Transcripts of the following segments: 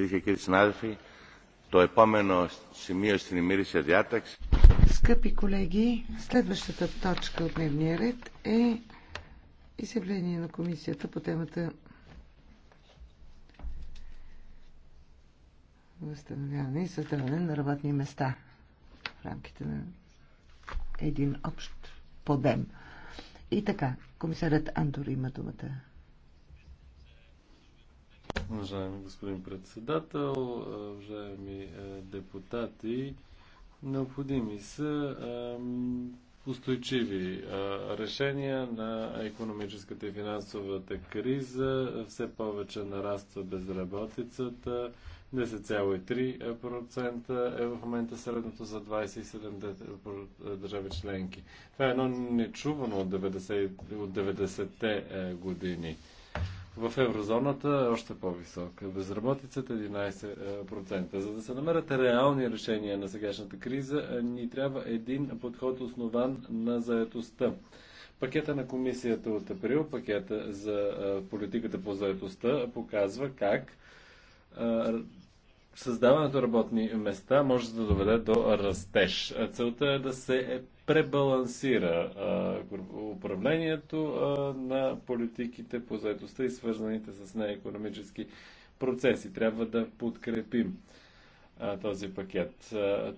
Κυρίε και κύριοι συνάδελφοι, το επόμενο σημείο στην ημερήσια διάταξη. Скъпи колеги, следващата точка от дневния ред е изявление на комисията по темата възстановяване и създаване на работни места в рамките на един общ подем. И така, комисарят Антор има думата. Уважаеми господин председател, уважаеми е, депутати, необходими са е, устойчиви е, решения на економическата и финансовата криза. Все повече нараства безработицата. 10,3% е в момента средното за 27 държави членки. Това е едно нечувано от 90-те години. В еврозоната е още по-висока. Безработицата е 11%. Е, за да се намерят реални решения на сегашната криза, е, ни трябва един подход основан на заетостта. Пакета на комисията от април, пакета за е, политиката по заетостта, показва как Създаването работни места може да доведе до растеж. Целта е да се пребалансира управлението на политиките по заедостта и свързаните с нея економически процеси. Трябва да подкрепим този пакет.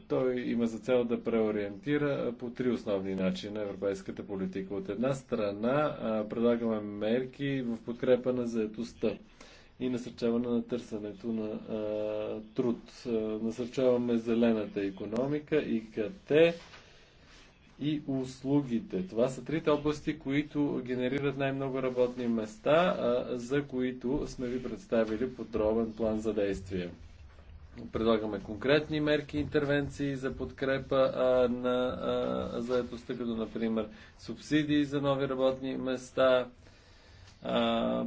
той има за цел да преориентира по три основни начина европейската политика. От една страна предлагаме мерки в подкрепа на заедостта и насърчаване на търсенето на а, труд. Насърчаваме зелената економика, и КТ и услугите. Това са трите области, които генерират най-много работни места, а, за които сме ви представили подробен план за действие. Предлагаме конкретни мерки, интервенции за подкрепа а, на а, заедостта, като например субсидии за нови работни места,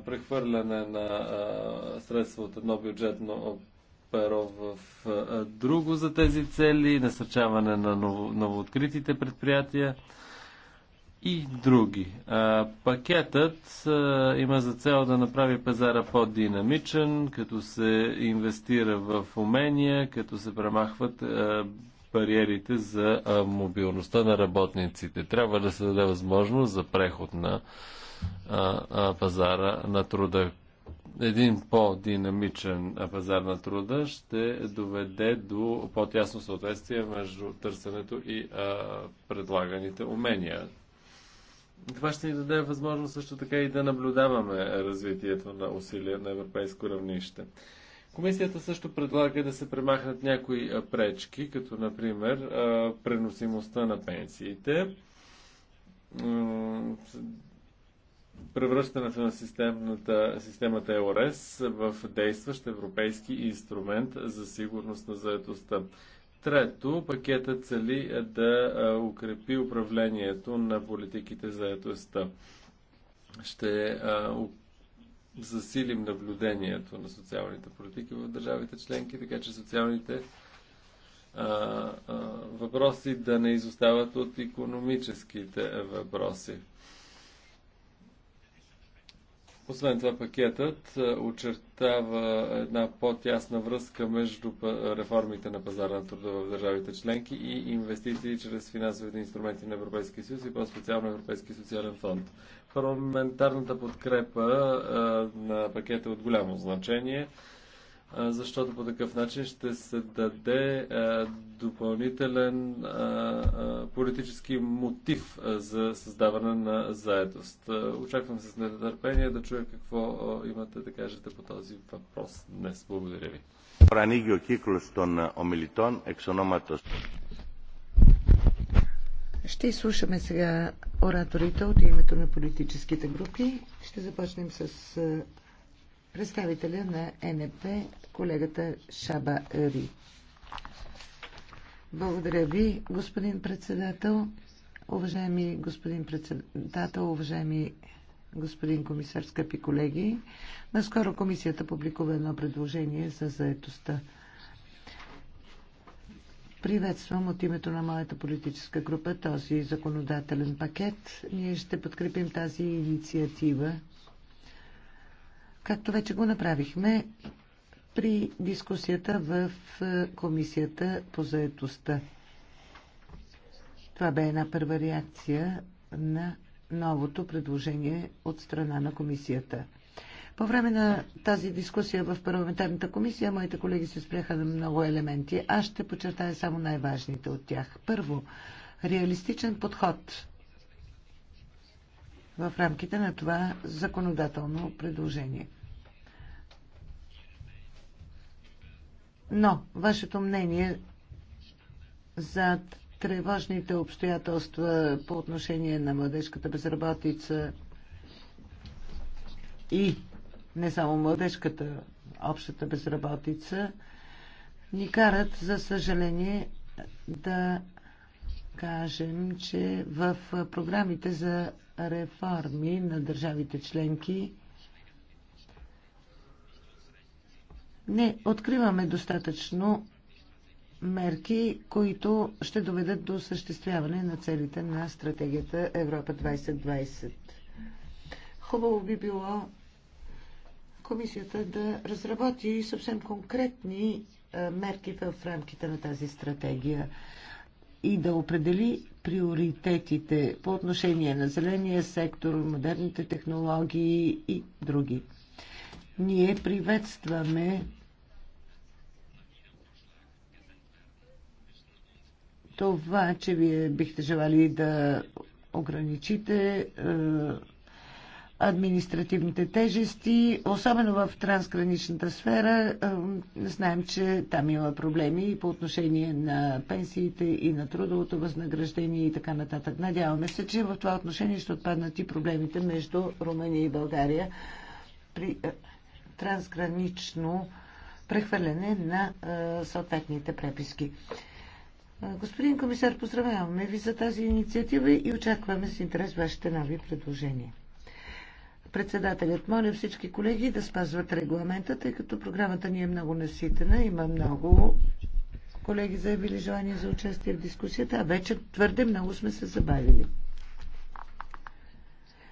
прехвърляне на средства от едно бюджетно перо в друго за тези цели, насърчаване на ново, новооткритите предприятия и други. Пакетът има за цел да направи пазара по-динамичен, като се инвестира в умения, като се премахват бариерите за мобилността на работниците. Трябва да се даде възможност за преход на пазара на труда. Един по-динамичен пазар на труда ще доведе до по-тясно съответствие между търсенето и предлаганите умения. Това ще ни даде възможност също така и да наблюдаваме развитието на усилия на европейско равнище. Комисията също предлага да се премахнат някои пречки, като например преносимостта на пенсиите превръщането на системната, системата ЕОРЕС в действащ европейски инструмент за сигурност на заедостта. Трето, пакета цели е, да е, укрепи управлението на политиките за етостта. Ще е, засилим наблюдението на социалните политики в държавите членки, така че социалните а, а, въпроси да не изостават от економическите въпроси. Освен това, пакетът очертава една по-тясна връзка между реформите на пазара на труда в държавите членки и инвестиции чрез финансовите инструменти на Европейския съюз и по-специално Европейския социален фонд. Парламентарната подкрепа на пакета е от голямо значение защото по такъв начин ще се даде допълнителен политически мотив за създаване на заедост. Очаквам с нетърпение да чуя какво имате да кажете по този въпрос днес. Благодаря ви. ο κύκλος των ομιλητών εξ ονόματος. Ще изслушаме сега ораторите от името на политическите групи. Ще започнем с представителя на НП, колегата Шаба Ри. Благодаря ви, господин председател. Уважаеми господин председател, уважаеми господин комисар, скъпи колеги, наскоро комисията публикува едно предложение за заетостта. Приветствам от името на моята политическа група този законодателен пакет. Ние ще подкрепим тази инициатива както вече го направихме при дискусията в е, Комисията по заедостта. Това бе една първа реакция на новото предложение от страна на комисията. По време на тази дискусия в парламентарната комисия, моите колеги се спряха на много елементи. Аз ще подчертая само най-важните от тях. Първо, реалистичен подход в рамките на това законодателно предложение. Но, вашето мнение за тревожните обстоятелства по отношение на младежката безработица и не само младежката, общата безработица, ни карат, за съжаление, да кажем, че в програмите за реформи на държавите членки не откриваме достатъчно мерки, които ще доведат до съществяване на целите на стратегията Европа 2020. Хубаво би било комисията да разработи съвсем конкретни мерки в рамките на тази стратегия и да определи приоритетите по отношение на зеления сектор, модерните технологии и други. Ние приветстваме това, че вие бихте желали да ограничите е, административните тежести, особено в трансграничната сфера. Знаем, че там има проблеми и по отношение на пенсиите и на трудовото възнаграждение и така нататък. Надяваме се, че в това отношение ще отпаднат и проблемите между Румъния и България при трансгранично прехвърляне на съответните преписки. Господин комисар, поздравяваме ви за тази инициатива и очакваме с интерес вашите нови предложения. Председателят моля всички колеги да спазват регламента, тъй като програмата ни е много наситена. Има много колеги заявили желание за участие в дискусията, а вече твърде много сме се забавили.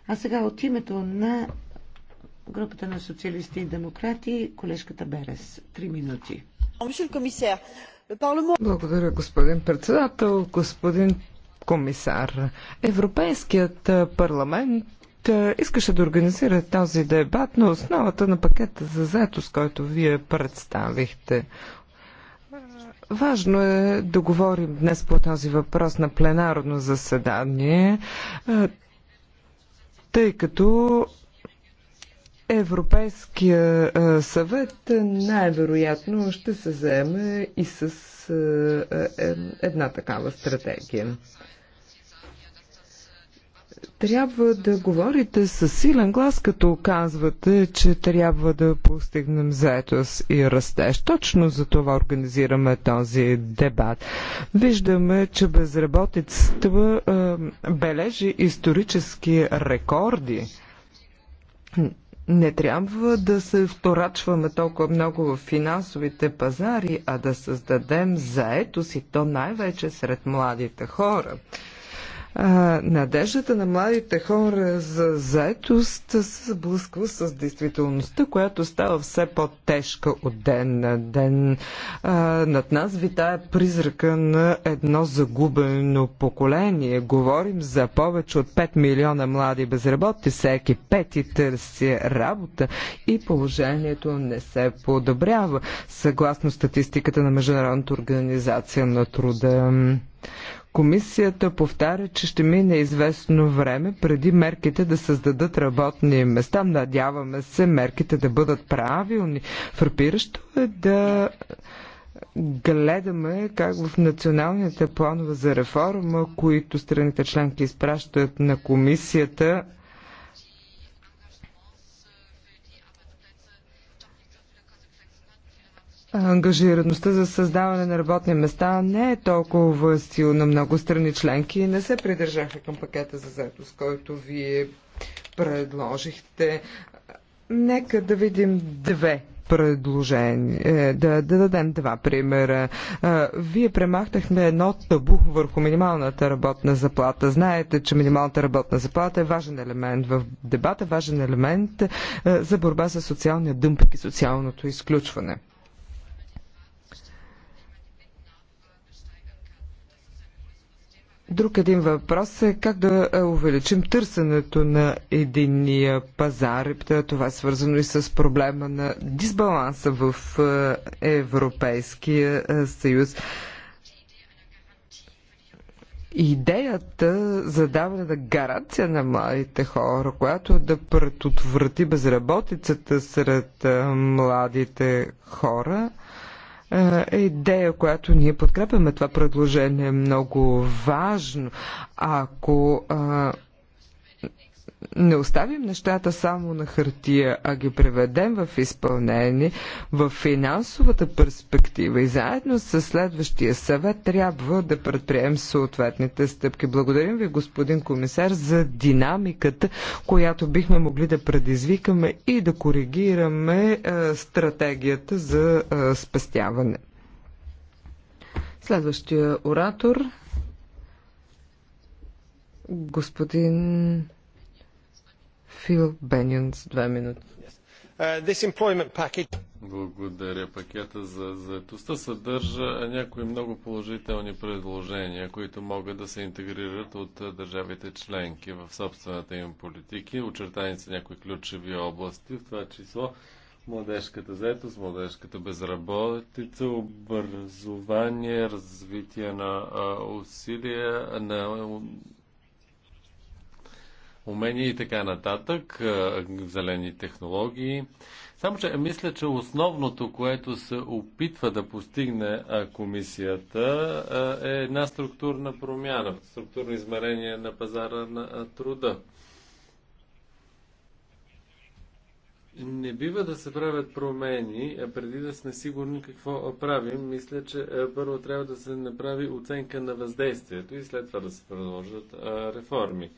А сега от името на групата на социалисти и демократи, колежката Берес. Три минути. Благодаря, господин председател, господин комисар. Европейският парламент е, искаше да организира този дебат на основата на пакета за заетост, който вие представихте. Важно е да говорим днес по този въпрос на пленарно заседание, е, тъй като Европейския е, съвет най-вероятно ще се заеме и с една такава стратегия трябва да говорите с силен глас, като казвате, че трябва да постигнем заетост и растеж. Точно за това организираме този дебат. Виждаме, че безработицата е, бележи исторически рекорди. Не трябва да се вторачваме толкова много в финансовите пазари, а да създадем заетост и то най-вече сред младите хора надеждата на младите хора за заетост се сблъсква с действителността, която става все по-тежка от ден на ден. над нас витая призрака на едно загубено поколение. Говорим за повече от 5 милиона млади безработни, всеки пети търси работа и положението не се подобрява, съгласно статистиката на Международната организация на труда. Комисията повтаря, че ще мине известно време преди мерките да създадат работни места. Надяваме се мерките да бъдат правилни. Фрапиращо е да гледаме как в националните планове за реформа, които страните членки изпращат на комисията, ангажираността за създаване на работни места не е толкова силна. Много страни членки и не се придържаха към пакета за с който вие предложихте. Нека да видим две предложение, да, да дадем два примера. Е, вие премахнахме едно табу върху минималната работна заплата. Знаете, че минималната работна заплата е важен елемент в дебата, важен елемент е, за борба с социалния дъмпик и социалното изключване. Друг един въпрос е как да е, увеличим търсенето на единния пазар. Е, това е свързано и с проблема на дисбаланса в е, Европейския съюз. Идеята за даване на гаранция на младите хора, която да предотврати безработицата сред младите хора – е, идея, която ние подкрепяме. Това предложение е много важно. Ако е, не оставим нещата само на хартия, а ги преведем в изпълнение, в финансовата перспектива и заедно с следващия съвет трябва да предприемем съответните стъпки. Благодарим ви, господин комисар, за динамиката, която бихме могли да предизвикаме и да коригираме е, стратегията за е, спестяване. Следващия оратор господин Фил Бенион с две минути. Благодаря. Пакета за заедостта съдържа някои много положителни предложения, които могат да се интегрират от държавите членки в собствената им политики. Очертани са някои ключови области, в това число младежката заедост, младежката безработица, образование, развитие на усилия, на умения и така нататък, зелени технологии. Само, че мисля, че основното, което се опитва да постигне комисията е една структурна промяна, структурно измерение на пазара на труда. Не бива да се правят промени, а преди да сме сигурни какво правим. Мисля, че първо трябва да се направи оценка на въздействието и след това да се продължат реформи.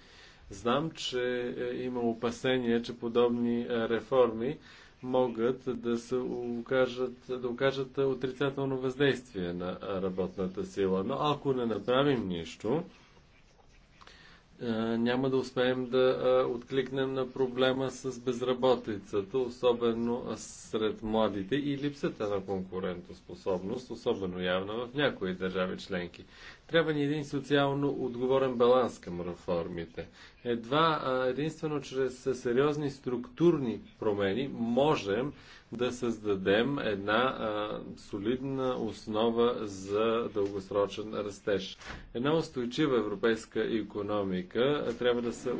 Знам, че е, има опасения, че подобни е, реформи могат да, се окажат, да окажат отрицателно въздействие на работната сила. Но ако не направим нищо, е, няма да успеем да откликнем на проблема с безработицата, особено сред младите и липсата на конкурентоспособност, особено явна в някои държави членки. Трябва ни един социално отговорен баланс към реформите. Едва единствено чрез сериозни структурни промени можем да създадем една солидна основа за дългосрочен растеж. Една устойчива европейска економика трябва да се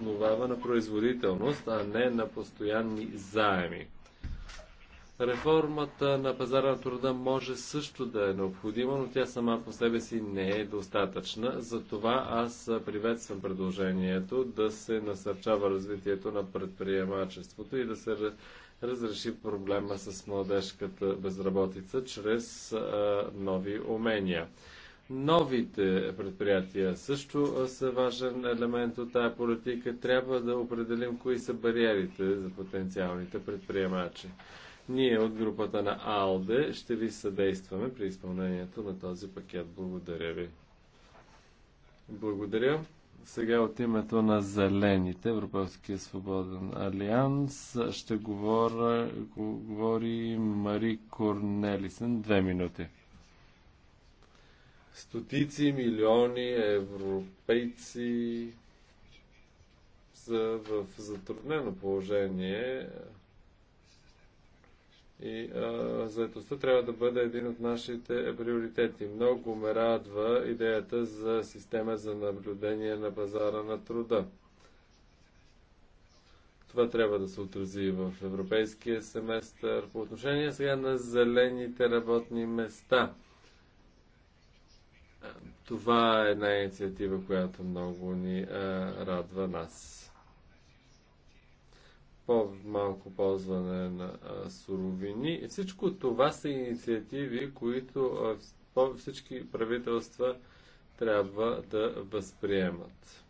основава на производителност, а не на постоянни заеми. Реформата на пазара на труда може също да е необходима, но тя сама по себе си не е достатъчна. Затова аз приветствам предложението да се насърчава развитието на предприемачеството и да се разреши проблема с младежката безработица чрез нови умения. Новите предприятия също са важен елемент от тази политика. Трябва да определим кои са бариерите за потенциалните предприемачи. Ние от групата на АЛДЕ ще ви съдействаме при изпълнението на този пакет. Благодаря ви. Благодаря. Сега от името на Зелените, Европейския свободен алианс, ще говоря, говори Мари Корнелисен. Две минути. Стотици милиони европейци са в затруднено положение и а, заедостта трябва да бъде един от нашите приоритети. Много ме радва идеята за система за наблюдение на пазара на труда. Това трябва да се отрази в европейския семестър. По отношение сега на зелените работни места. Това е една инициатива, която много ни а, радва нас по-малко ползване на суровини. Всичко това са инициативи, които всички правителства трябва да възприемат.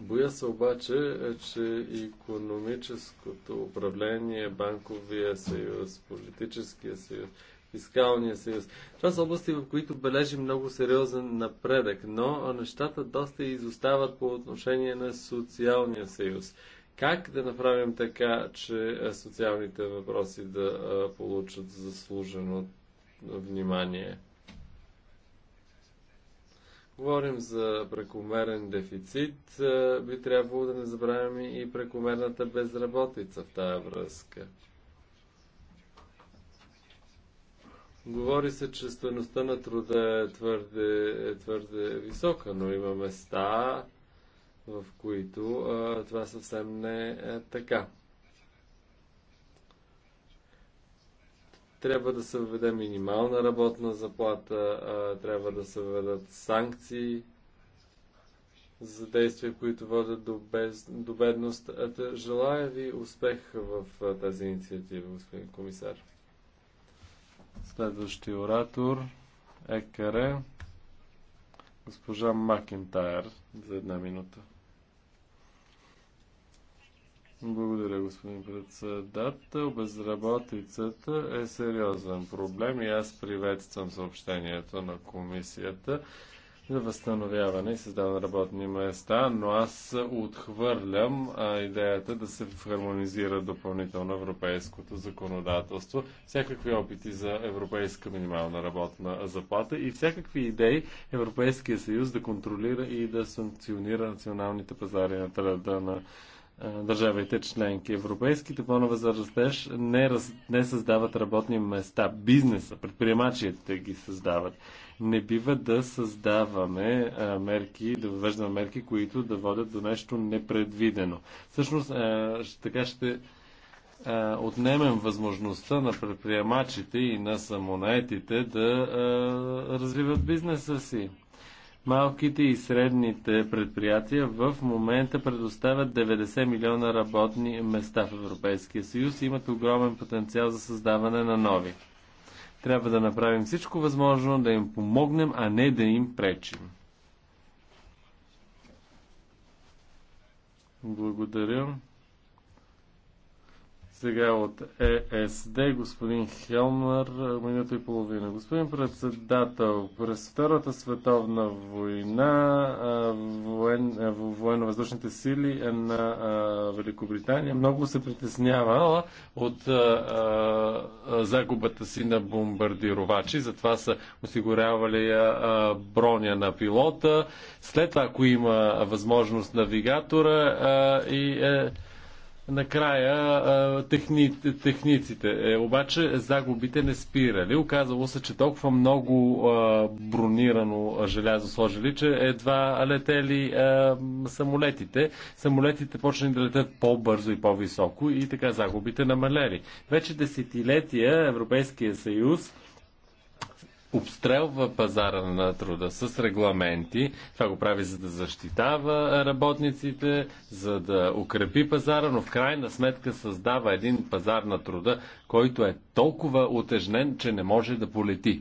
Боя се обаче, е, че економическото управление, банковия съюз, политическия съюз, фискалния съюз. Това са области, в които бележи много сериозен напредък, но нещата доста изостават по отношение на социалния съюз. Как да направим така, че социалните въпроси да получат заслужено внимание? Говорим за прекомерен дефицит, би трябвало да не забравяме и прекомерната безработица в тази връзка. Говори се, че стоеността на труда е твърде, е твърде висока, но има места, в които а, това съвсем не е така. Трябва да се введе минимална работна заплата, а, трябва да се введат санкции за действия, които водят до, без, до бедност. Ата, желая ви успех в а, тази инициатива, господин комисар. Следващия оратор е Екаре госпожа Макентайр за една минута. Благодаря, господин председател. Безработицата е сериозен проблем и аз приветствам съобщението на комисията за възстановяване и създаване на работни места, но аз отхвърлям а, идеята да се хармонизира допълнително европейското законодателство, всякакви опити за европейска минимална работна заплата и всякакви идеи Европейския съюз да контролира и да санкционира националните пазари на труда на държавите членки. Европейските планове за растеж не, раз, не създават работни места. Бизнеса, предприемачите ги създават. Не бива да създаваме а, мерки, да въвеждаме мерки, които да водят до нещо непредвидено. Всъщност, а, така ще а, отнемем възможността на предприемачите и на самонаетите да а, развиват бизнеса си. Малките и средните предприятия в момента предоставят 90 милиона работни места в Европейския съюз и имат огромен потенциал за създаване на нови. Трябва да направим всичко възможно да им помогнем, а не да им пречим. Благодаря. Сега от ЕСД, господин Хелмър, минута и половина. Господин председател, през Втората световна война воен, военно-въздушните сили на Великобритания много се притеснявала от загубата си на бомбардировачи, затова са осигурявали броня на пилота. След това, ако има възможност навигатора и е, Накрая техни, техниците. Е, обаче загубите не спирали. Оказало се, че толкова много е, бронирано желязо сложили, че едва летели е, самолетите. Самолетите почнали да летят по-бързо и по-високо и така загубите намалели. Вече десетилетия Европейския съюз обстрелва пазара на труда с регламенти. Това го прави за да защитава работниците, за да укрепи пазара, но в крайна сметка създава един пазар на труда, който е толкова отежнен, че не може да полети.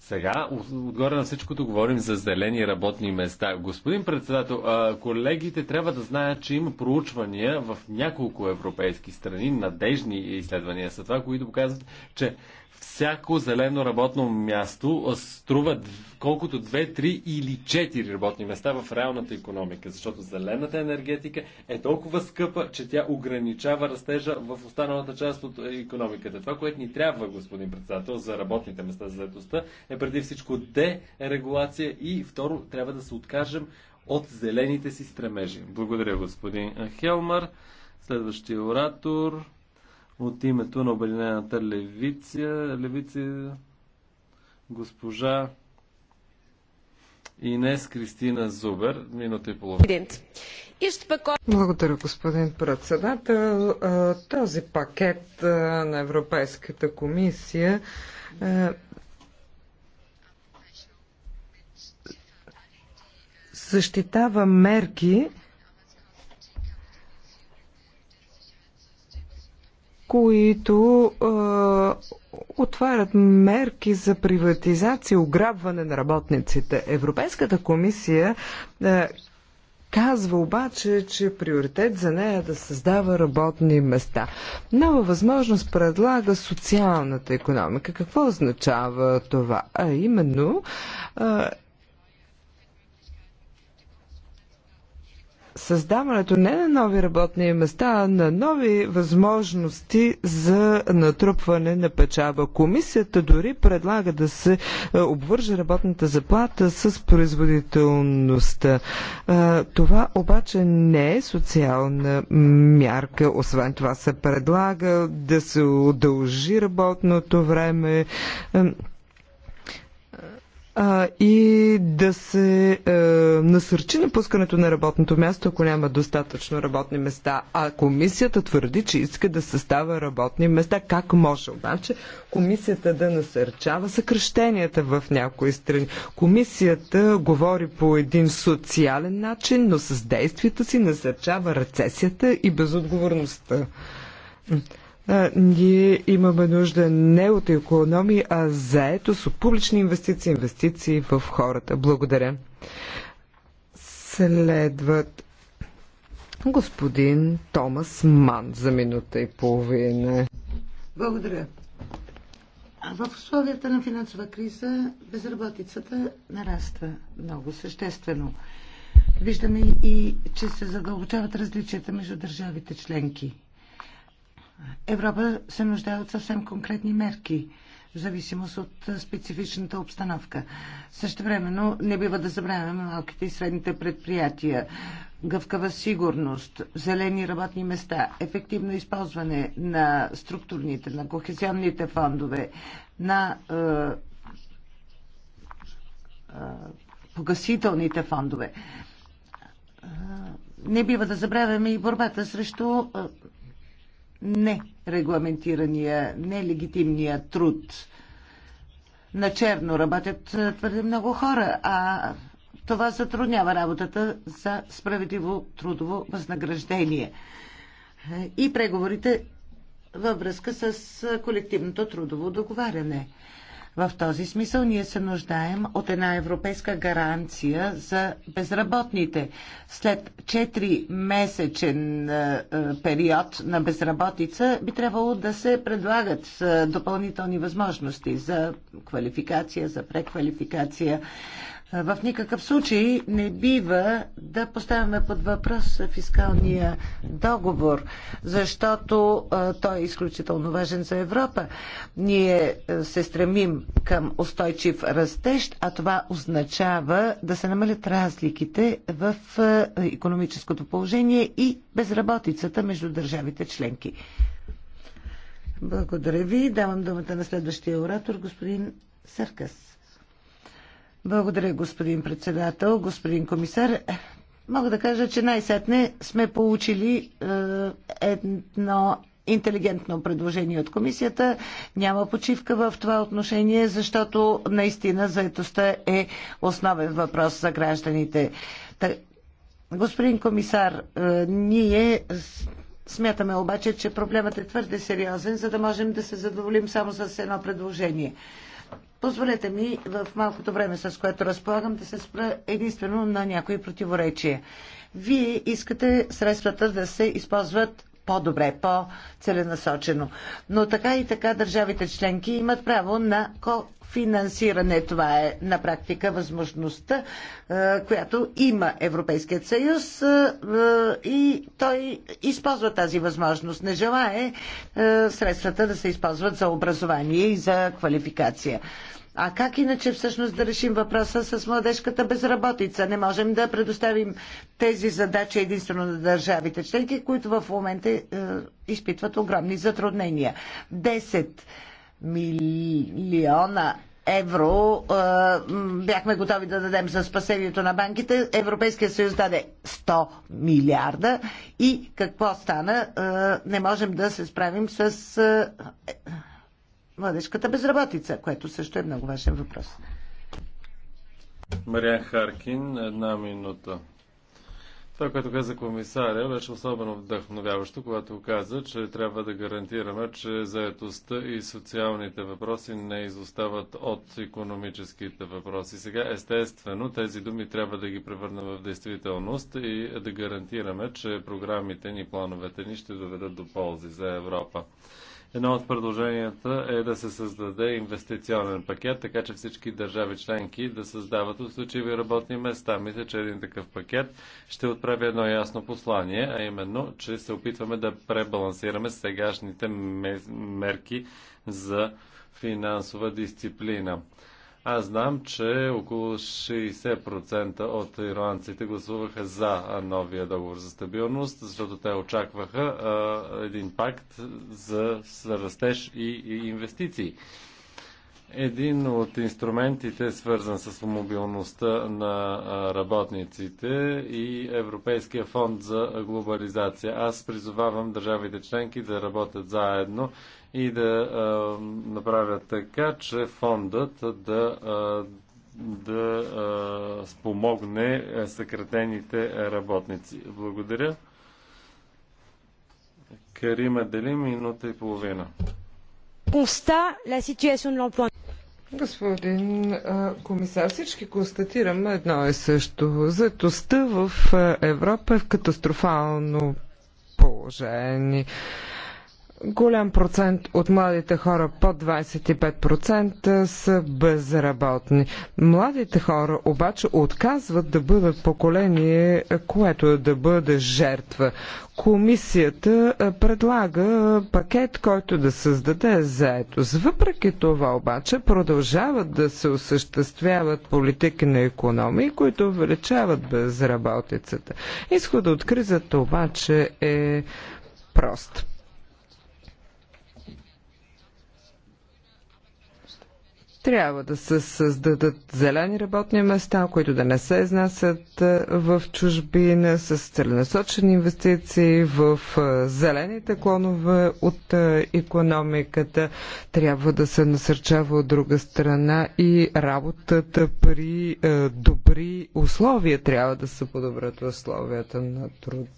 Сега, отгоре на всичкото, говорим за зелени работни места. Господин председател, колегите трябва да знаят, че има проучвания в няколко европейски страни, надежни изследвания са това, които показват, че всяко зелено работно място струва колкото 2, 3 или 4 работни места в реалната економика, защото зелената енергетика е толкова скъпа, че тя ограничава растежа в останалата част от економиката. Това, което ни трябва, господин председател, за работните места за заедостта, е преди всичко дерегулация и второ, трябва да се откажем от зелените си стремежи. Благодаря, господин Хелмар. Следващия оратор. От името на Обединената левиция, левиция госпожа Инес Кристина Зубер, минута и половина. Благодаря, господин председател. Този пакет на Европейската комисия защитава мерки, които отварят мерки за приватизация, ограбване на работниците. Европейската комисия Казва обаче, че приоритет за нея е да създава работни места. Нова възможност предлага социалната економика. Какво означава това? А именно създаването не на нови работни места, а на нови възможности за натрупване на печаба. Комисията дори предлага да се е, обвърже работната заплата с производителността. Е, това обаче не е социална мярка. Освен това се предлага да се удължи работното време е, и да се насърчи напускането на работното място, ако няма достатъчно работни места. А комисията твърди, че иска да състава работни места. Как може обаче комисията да насърчава съкръщенията в някои страни? Комисията говори по един социален начин, но с действията си насърчава рецесията и безотговорността. А, ние имаме нужда не от економии, а заето с публични инвестиции, инвестиции в хората. Благодаря. Следват господин Томас Ман за минута и половина. Благодаря. В условията на финансова криза безработицата нараства много съществено. Виждаме и, че се задълбочават различията между държавите членки. Европа се нуждае от съвсем конкретни мерки – в зависимост от специфичната обстановка. Също времено не бива да забравяме малките и средните предприятия, гъвкава сигурност, зелени работни места, ефективно използване на структурните, на кохезионните фондове, на е, е, погасителните фондове не бива да забравяме и борбата срещу нерегламентирания, нелегитимния труд. На черно работят е, твърде много хора, а това затруднява работата за справедливо трудово възнаграждение е, и преговорите във връзка с е, колективното трудово договаряне. В този смисъл ние се нуждаем от една европейска гаранция за безработните. След 4-месечен е, е, период на безработица би трябвало да се предлагат е, допълнителни възможности за квалификация, за преквалификация. В никакъв случай не бива да поставяме под въпрос фискалния договор, защото той е изключително важен за Европа. Ние се стремим към устойчив растеж, а това означава да се намалят разликите в економическото положение и безработицата между държавите членки. Благодаря ви. Давам думата на следващия оратор, господин Съркас. Благодаря, господин председател, господин комисар. Мога да кажа, че най-сетне сме получили е, едно интелигентно предложение от комисията. Няма почивка в това отношение, защото наистина заетостта е основен въпрос за гражданите. Та, господин комисар, е, ние смятаме обаче, че проблемът е твърде сериозен, за да можем да се задоволим само с едно предложение. Позволете ми в малкото време, с което разполагам, да се спра единствено на някои противоречия. Вие искате средствата да се използват по-добре, по-целенасочено. Но така и така държавите членки имат право на финансиране. Това е на практика възможността, е, която има Европейският съюз е, е, и той използва тази възможност. Не желае средствата да се използват за образование и за квалификация. А как иначе всъщност да решим въпроса с младежката безработица? Не можем да предоставим тези задачи единствено на държавите членки, които в момента е, изпитват огромни затруднения. Десет милиона евро бяхме готови да дадем за спасението на банките. Европейския съюз даде 100 милиарда и какво стана? Не можем да се справим с е, младежката безработица, което също е много важен въпрос. Мария Харкин, една минута. Това, което каза комисаря, беше особено вдъхновяващо, когато каза, че трябва да гарантираме, че заетостта и социалните въпроси не изостават от економическите въпроси. Сега, естествено, тези думи трябва да ги превърнем в действителност и да гарантираме, че програмите ни, плановете ни ще доведат до ползи за Европа. Едно от предложенията е да се създаде инвестиционен пакет, така че всички държави членки да създават устойчиви работни места. Мисля, че един такъв пакет ще отправи едно ясно послание, а именно, че се опитваме да пребалансираме сегашните мерки за финансова дисциплина. Аз знам, че около 60% от ирландците гласуваха за новия договор за стабилност, защото те очакваха а, един пакт за, растеж и, и инвестиции. Един от инструментите, свързан с мобилността на работниците и Европейския фонд за глобализация. Аз призовавам държавите членки да работят заедно и да а, направя така, че фондът да, а, да а, спомогне съкратените работници. Благодаря. Карима Дели, минута и половина. Конста la ситуация на l'emploi. Господин комисар, всички констатираме едно и също. Заетостта в Европа е в катастрофално положение. Голям процент от младите хора под 25% са безработни. Младите хора обаче отказват да бъдат поколение, което е да бъде жертва. Комисията е, предлага пакет, който да създаде заетост. Въпреки това обаче продължават да се осъществяват политики на економии, които увеличават безработицата. Изходът от кризата обаче е прост Трябва да се създадат зелени работни места, които да не се изнасят е, в чужбина, с целенасочени инвестиции в е, зелените клонове от економиката. Трябва да се насърчава от друга страна и работата при е, добри условия. Трябва да се подобрят условията на труд.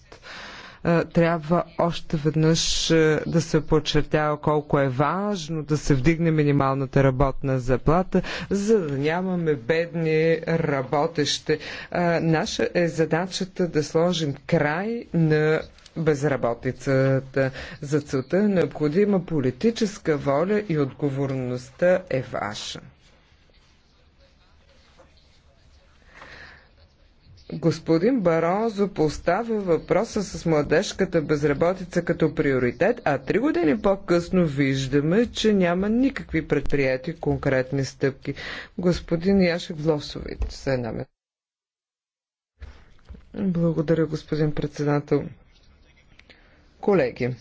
Е, трябва още веднъж е, да се подчертава колко е важно да се вдигне минималната работна заплата, за да нямаме бедни работещи. Е, наша е задачата да сложим край на безработицата. За целта е необходима политическа воля и отговорността е ваша. Господин Баронзо, поставя въпроса с младежката безработица като приоритет, а три години по-късно виждаме, че няма никакви предприяти конкретни стъпки. Господин Яшек Влосович, се Благодаря, господин председател. Колеги,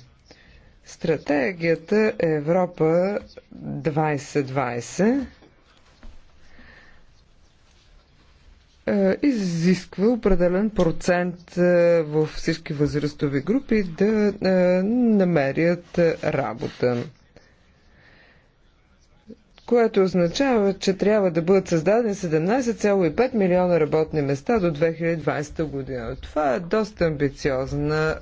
стратегията Европа 2020 Е, изисква определен процент е, във всички възрастови групи да е, намерят работа. Което означава, че трябва да бъдат създадени 17,5 милиона работни места до 2020 година. Това е доста амбициозна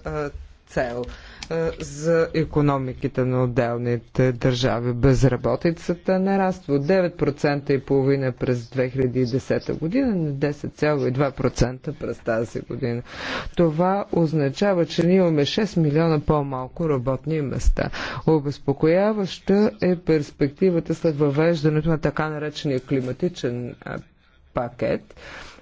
цел. Е, за економиките на отделните държави. Безработицата нараства от 9% и половина през 2010 година на 10,2% през тази година. Това означава, че ние имаме 6 милиона по-малко работни места. Обезпокояваща е перспективата след въвеждането на така наречения климатичен пакет,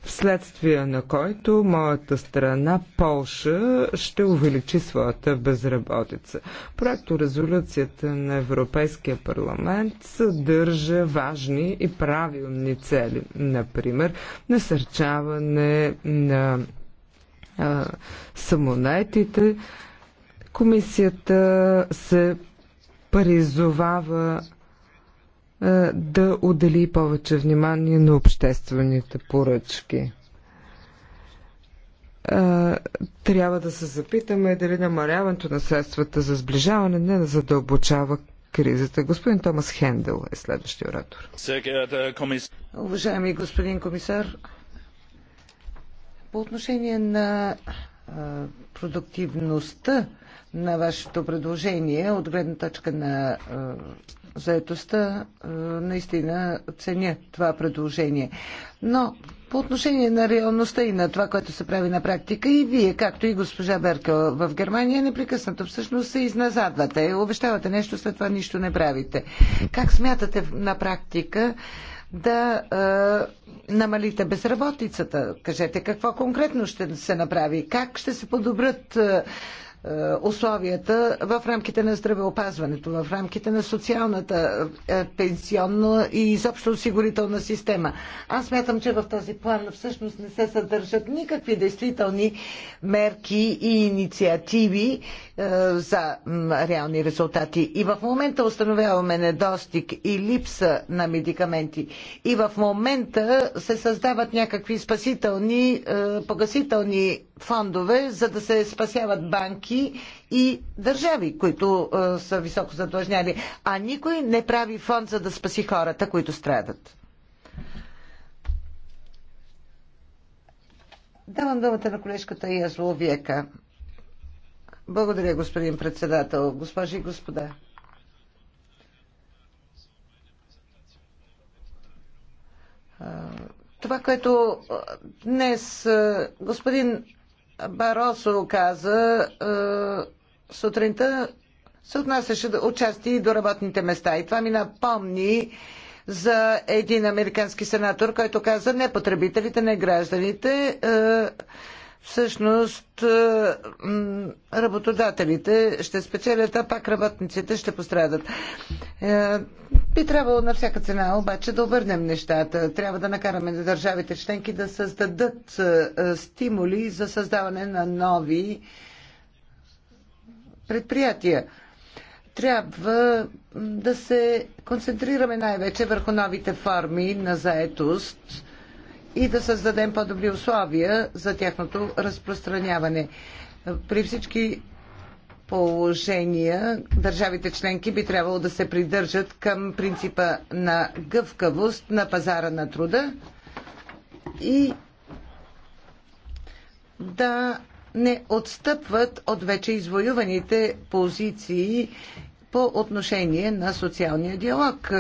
вследствие на който моята страна, Полша, ще увеличи своята безработица. Проекто резолюцията на Европейския парламент съдържа важни и правилни цели. Например, насърчаване на самонетите. Комисията се призовава е, да отдели повече внимание на обществените поръчки. Е, трябва да се запитаме дали намаляването на средствата за сближаване не задълбочава кризата. Господин Томас Хендел е следващия оратор. Уважаеми господин комисар, по отношение на продуктивността на вашето предложение от гледна точка на заедостта, наистина ценя това предложение. Но по отношение на реалността и на това, което се прави на практика, и вие, както и госпожа Беркел в Германия, непрекъснато всъщност се изназадвате, обещавате нещо, след това нищо не правите. Как смятате на практика да е, намалите безработицата? Кажете какво конкретно ще се направи? Как ще се подобрят е, е, условията в рамките на здравеопазването, в рамките на социалната, е, пенсионна и изобщо осигурителна система. Аз смятам, че в този план всъщност не се съдържат никакви действителни мерки и инициативи, е, за реални резултати. И в момента установяваме недостиг и липса на медикаменти. И в момента се създават някакви спасителни, е, погасителни фондове, за да се спасяват банки и държави, които е, са високо задлъжняли. А никой не прави фонд, за да спаси хората, които страдат. Давам думата на колежката Язловека. Благодаря, господин председател. Госпожи и господа. Това, което днес господин Баросо каза сутринта, се отнасяше отчасти участие до работните места. И това ми напомни за един американски сенатор, който каза не потребителите, не гражданите всъщност е, работодателите ще спечелят, а пак работниците ще пострадат. Е, би трябвало на всяка цена обаче да обърнем нещата. Трябва да накараме на държавите членки да създадат е, стимули за създаване на нови предприятия. Трябва да се концентрираме най-вече върху новите форми на заетост и да създадем по-добри условия за тяхното разпространяване. При всички положения държавите членки би трябвало да се придържат към принципа на гъвкавост на пазара на труда и да не отстъпват от вече извоюваните позиции по отношение на социалния диалог.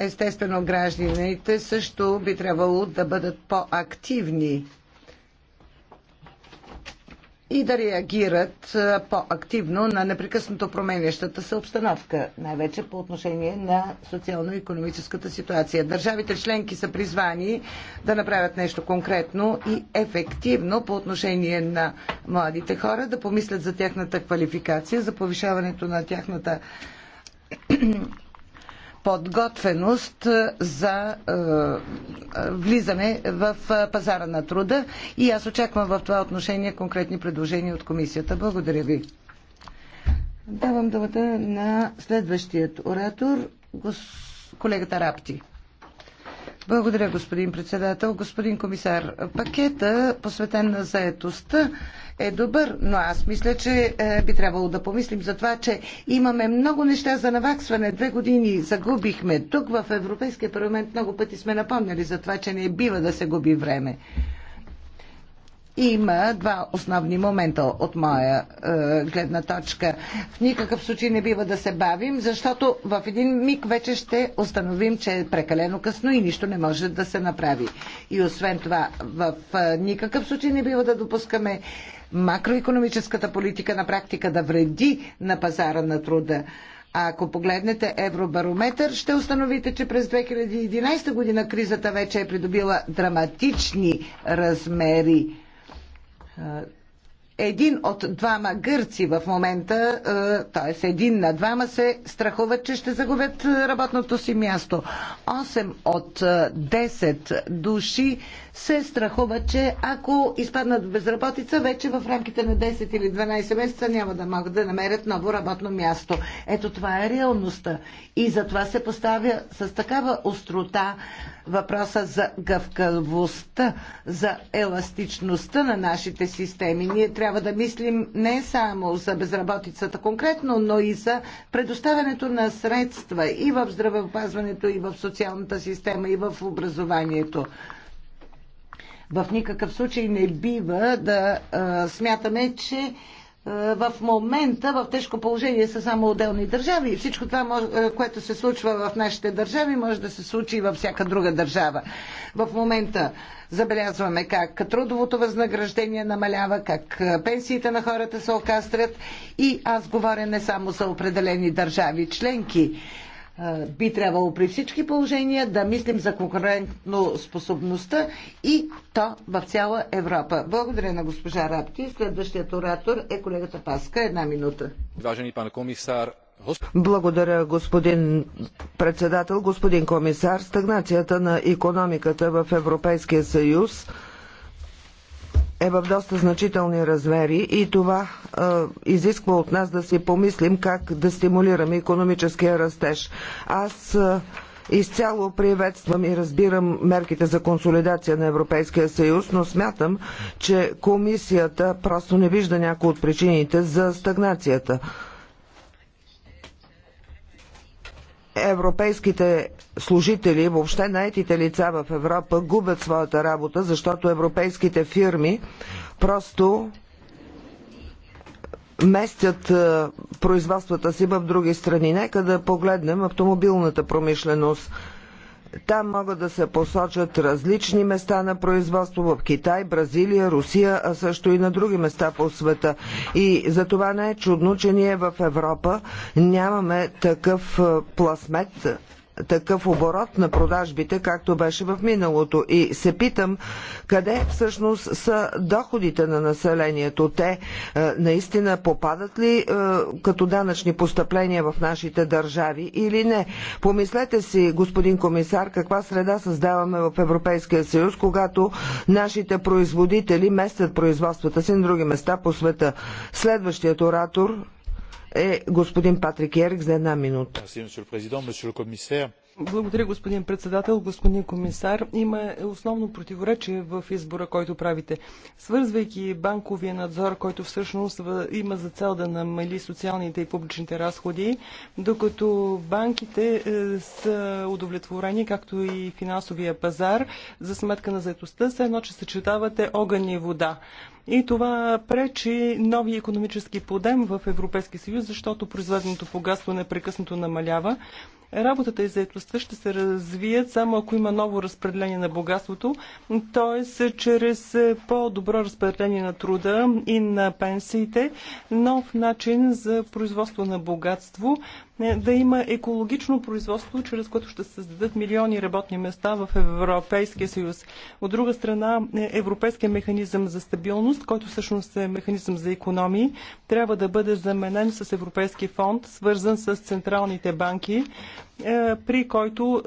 Естествено, гражданите също би трябвало да бъдат по-активни и да реагират по-активно на непрекъснато променящата се обстановка, най-вече по отношение на социално-економическата ситуация. Държавите членки са призвани да направят нещо конкретно и ефективно по отношение на младите хора, да помислят за тяхната квалификация, за повишаването на тяхната подготвеност е, за е, влизане в е, пазара на труда и аз очаквам в това отношение конкретни предложения от комисията. Благодаря ви. Давам думата на следващият оратор, колегата Рапти. Благодаря, господин председател. Господин комисар, пакета, посветен на заетостта, е добър, но аз мисля, че е, би трябвало да помислим за това, че имаме много неща за наваксване. Две години загубихме. Тук в Европейския парламент много пъти сме напомняли за това, че не бива да се губи време. Има два основни момента от моя е, гледна точка. В никакъв случай не бива да се бавим, защото в един миг вече ще установим, че е прекалено късно и нищо не може да се направи. И освен това, в е, никакъв случай не бива да допускаме макроекономическата политика на практика да вреди на пазара на труда. А ако погледнете Евробарометър, ще установите, че през 2011 година кризата вече е придобила драматични размери. Е, един от двама гърци в момента, т.е. един на двама се страхуват, че ще загубят е, работното си място. 8 от 10 е, души се страхуват, че ако изпаднат в безработица, вече в рамките на 10 или 12 месеца няма да могат да намерят ново работно място. Ето това е реалността. И затова се поставя с такава острота въпроса за гъвкавостта, за еластичността на нашите системи. Ние трябва да мислим не само за безработицата конкретно, но и за предоставянето на средства и в здравеопазването, и в социалната система, и в образованието. В никакъв случай не бива да а, смятаме, че в момента в тежко положение са само отделни държави и всичко това, което се случва в нашите държави, може да се случи и във всяка друга държава. В момента забелязваме как трудовото възнаграждение намалява, как пенсиите на хората се окастрят и аз говоря не само за определени държави членки би трябвало при всички положения да мислим за конкурентно способността и то в цяла Европа. Благодаря на госпожа Рапти. Следващият оратор е колегата Паска. Една минута. Важен пан комисар, благодаря, господин председател, господин комисар. Стагнацията на економиката в Европейския съюз е в доста значителни размери и това е, изисква от нас да си помислим как да стимулираме економическия растеж. Аз е, изцяло приветствам и разбирам мерките за консолидация на Европейския съюз, но смятам, че комисията просто не вижда някои от причините за стагнацията. европейските служители, въобще наетите лица в Европа губят своята работа, защото европейските фирми просто местят е, производствата си в други страни. Нека да погледнем автомобилната промишленост – там могат да се посочат различни места на производство в Китай, Бразилия, Русия, а също и на други места по света. И за това не е чудно, че ние в Европа нямаме такъв пласмет такъв оборот на продажбите, както беше в миналото. И се питам къде всъщност са доходите на населението. Те е, наистина попадат ли е, като данъчни постъпления в нашите държави или не? Помислете си, господин комисар, каква среда създаваме в Европейския съюз, когато нашите производители местят производствата си на други места по света. Следващият оратор е господин Патрик Ерик за една минута. Благодаря, господин председател, господин комисар. Има основно противоречие в избора, който правите. Свързвайки банковия надзор, който всъщност има за цел да намали социалните и публичните разходи, докато банките е, са удовлетворени, както и финансовия пазар, за сметка на заетостта, се едно, че съчетавате огън и вода. И това пречи нови економически подем в Европейския съюз, защото произведеното богатство непрекъснато намалява. Работата и заедността ще се развият само ако има ново разпределение на богатството, т.е. чрез е, по-добро разпределение на труда и на пенсиите, нов начин за производство на богатство, е, да има екологично производство, чрез което ще се създадат милиони работни места в Европейския съюз. От друга страна, е, Европейския механизъм за стабилност, който всъщност е механизъм за економии, трябва да бъде заменен с Европейски фонд, свързан с централните банки, е, при който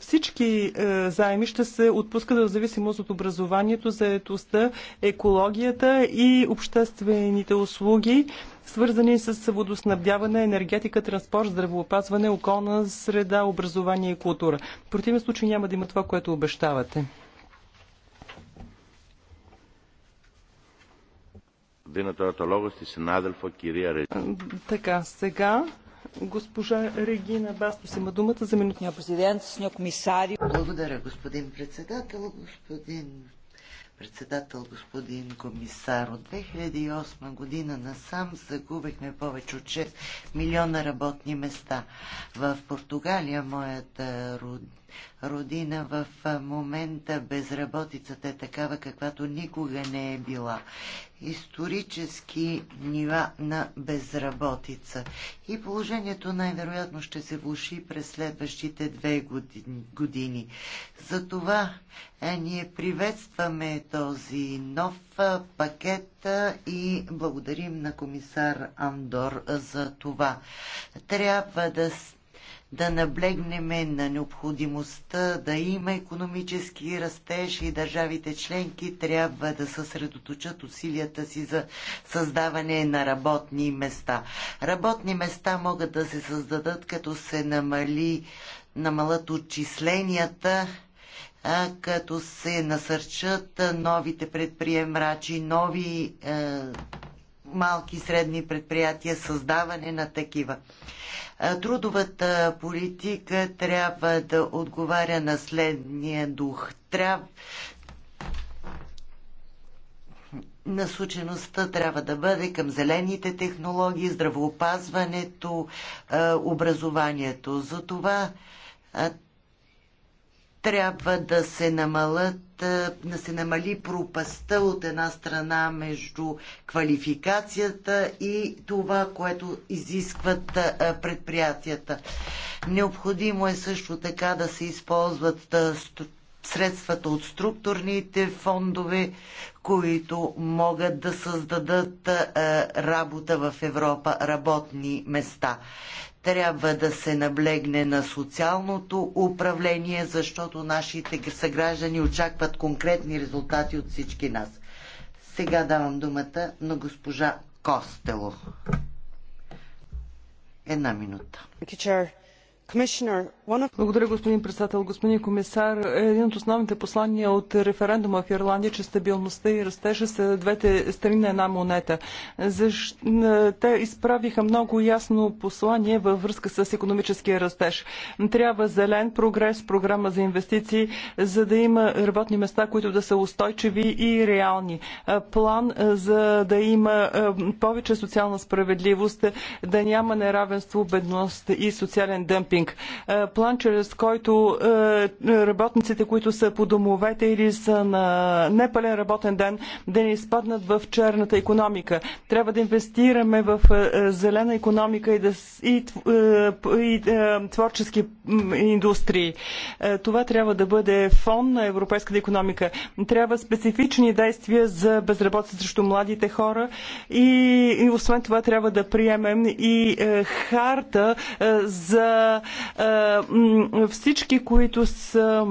всички заеми ще се отпускат в зависимост от образованието, заетостта, екологията и обществените услуги свързани с водоснабдяване, енергетика, транспорт, здравеопазване, околна среда, образование и култура. В противен случай няма да има това, което обещавате. Така, сега госпожа Регина Бастос има думата за минутния президент, сеньор комисари. Благодаря, господин председател, господин председател, господин комисар. От 2008 година насам загубихме повече от 6 милиона работни места. В Португалия, моята родина, родина. В момента безработицата е такава, каквато никога не е била. Исторически нива на безработица. И положението най-вероятно ще се влуши през следващите две години. Затова ние приветстваме този нов пакет и благодарим на комисар Андор за това. Трябва да да наблегнем на необходимостта да има економически растеж и държавите членки трябва да съсредоточат усилията си за създаване на работни места. Работни места могат да се създадат като се намали, намалят отчисленията като се насърчат новите предприемрачи, нови е, малки и средни предприятия, създаване на такива. Трудовата политика трябва да отговаря на следния дух. Трябва Насочеността трябва да бъде към зелените технологии, здравоопазването, образованието. Затова трябва да се намалят да се намали пропаста от една страна между квалификацията и това, което изискват предприятията. Необходимо е също така да се използват средствата от структурните фондове, които могат да създадат работа в Европа, работни места. Трябва да се наблегне на социалното управление, защото нашите съграждани очакват конкретни резултати от всички нас. Сега давам думата на госпожа Костело. Една минута. Благодаря, господин председател. Господин комисар, един от основните послания от референдума в Ирландия, че стабилността и растежа са двете страни на една монета. Те изправиха много ясно послание във връзка с економическия растеж. Трябва зелен прогрес, програма за инвестиции, за да има работни места, които да са устойчиви и реални. План за да има повече социална справедливост, да няма неравенство, бедност и социален дъмпинг мониторинг. Е, План, чрез който е, работниците, които са по домовете или са на непълен работен ден, да не изпаднат в черната економика. Трябва да инвестираме в е, зелена економика и, да, и, и творчески индустрии. Това трябва да бъде фон на европейската економика. Трябва специфични действия за безработица срещу младите хора и, и освен това трябва да приемем и харта за е, всички, които са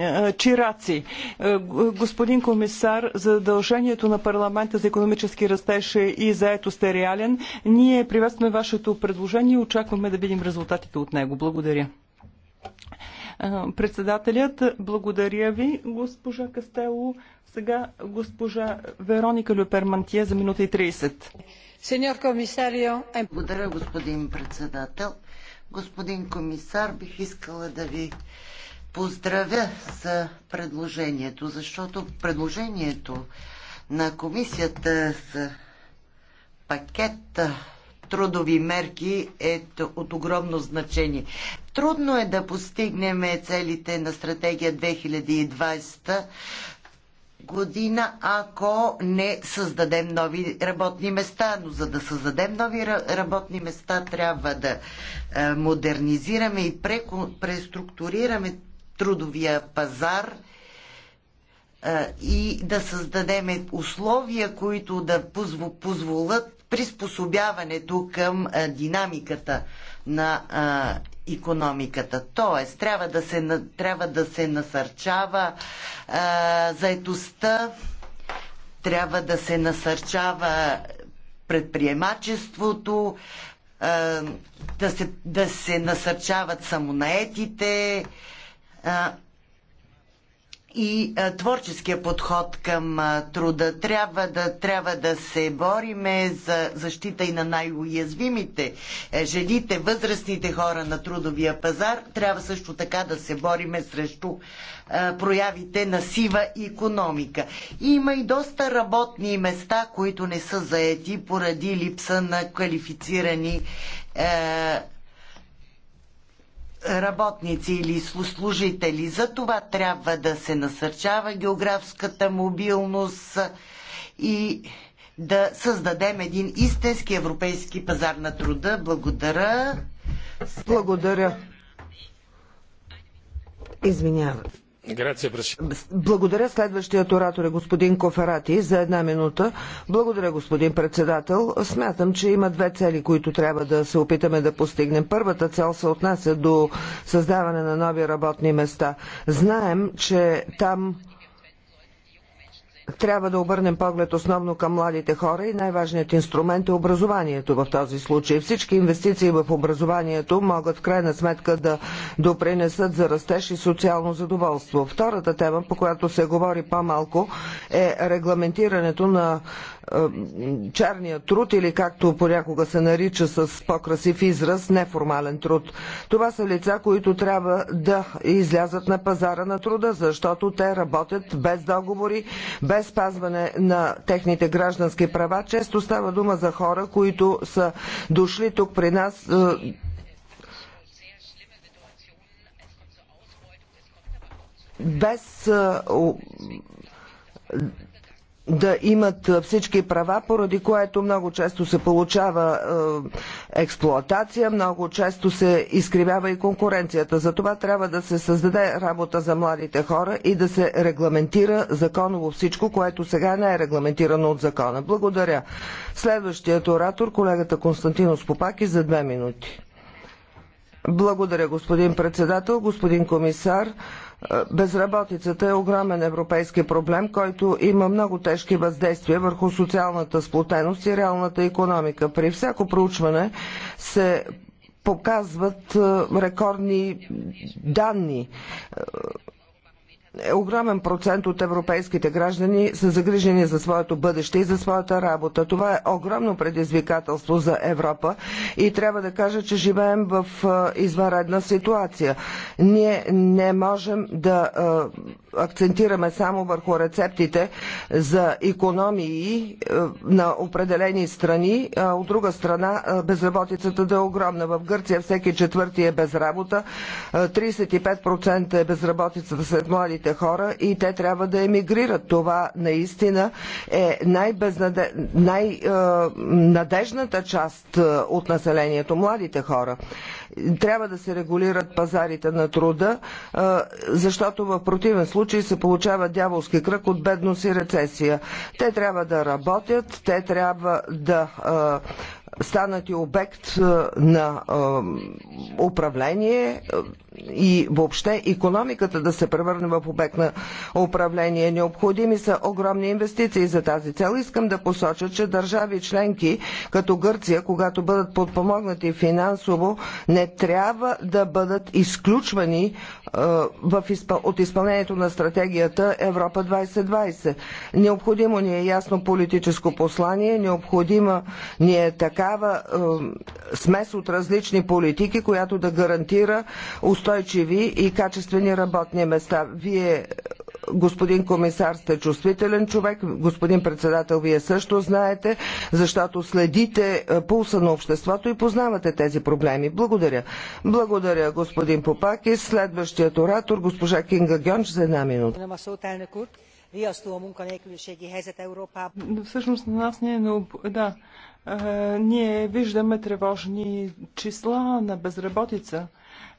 е, чираци. Е, господин комисар, задължението на парламента за економически растеж и заетост е реален. Ние приветстваме вашето предложение и очакваме да видим резултатите от него. Благодаря. Председателят, благодаря ви, госпожа Кастело. Сега госпожа Вероника Люпермантия за минута и 30. Сеньор комисарио, благодаря господин председател. Господин комисар, бих искала да ви поздравя за предложението, защото предложението на комисията с пакет трудови мерки е от огромно значение. Трудно е да постигнем целите на стратегия 2020 година, ако не създадем нови работни места. Но за да създадем нови работни места, трябва да е, модернизираме и преструктурираме трудовия пазар е, и да създадем условия, които да позволят приспособяването към е, динамиката на економиката. Тоест, трябва да се, трябва да се насърчава а, заедостта, трябва да се насърчава предприемачеството, а, да, се, да се насърчават самонаетите. А, и а, творческия подход към а, труда. Трябва да, трябва да се бориме за защита и на най-уязвимите е, жените, възрастните хора на трудовия пазар. Трябва също така да се бориме срещу а, проявите на сива економика. Има и доста работни места, които не са заети поради липса на квалифицирани е, работници или служители. За това трябва да се насърчава географската мобилност и да създадем един истински европейски пазар на труда. Благодаря. Благодаря. Извинявам. Благодаря следващият оратор е господин Коферати за една минута. Благодаря господин председател. Смятам, че има две цели, които трябва да се опитаме да постигнем. Първата цел се отнася до създаване на нови работни места. Знаем, че там трябва да обърнем поглед основно към младите хора и най-важният инструмент е образованието в този случай. Всички инвестиции в образованието могат в крайна сметка да допринесат за растеж и социално задоволство. Втората тема, по която се говори по-малко, е регламентирането на е, черния труд или както понякога се нарича с по-красив израз неформален труд. Това са лица, които трябва да излязат на пазара на труда, защото те работят без договори, без спазване на техните граждански права. Често става дума за хора, които са дошли тук при нас е, без е, да имат всички права, поради което много често се получава е, експлоатация, много често се изкривява и конкуренцията. За това трябва да се създаде работа за младите хора и да се регламентира законово всичко, което сега не е регламентирано от закона. Благодаря. Следващият оратор, колегата Константинос Попаки, за две минути. Благодаря, господин председател, господин комисар. Безработицата е огромен европейски проблем, който има много тежки въздействия върху социалната сплотеност и реалната економика. При всяко проучване се показват рекордни данни е, огромен процент от европейските граждани са загрижени за своето бъдеще и за своята работа. Това е огромно предизвикателство за Европа и трябва да кажа, че живеем в извънредна ситуация. Ние не можем да акцентираме само върху рецептите за економии на определени страни, а от друга страна безработицата да е огромна. В Гърция всеки четвърти е без работа, 35% е безработицата сред младите младите хора и те трябва да емигрират. Това наистина е най-надежната най е, част е, от населението, младите хора. Трябва да се регулират пазарите на труда, е, защото в противен случай се получава дяволски кръг от бедност и рецесия. Те трябва да работят, те трябва да станат и обект на управление и въобще економиката да се превърне в обект на управление. Необходими са огромни инвестиции за тази цел. Искам да посоча, че държави членки като Гърция, когато бъдат подпомогнати финансово, не трябва да бъдат изключвани от изпълнението на стратегията Европа 2020. Необходимо ни е ясно политическо послание, необходимо ни е така такава е, смес от различни политики, която да гарантира устойчиви и качествени работни места. Вие господин комисар, сте чувствителен човек, господин председател, вие също знаете, защото следите е, пулса на обществото и познавате тези проблеми. Благодаря. Благодаря, господин Попаки, Следващият оратор, госпожа Кинга Гьонч, за една минута riasztó a munkanélküliségi helyzet Európában. Всъщност на нас е ние виждаме тревожни числа на безработица.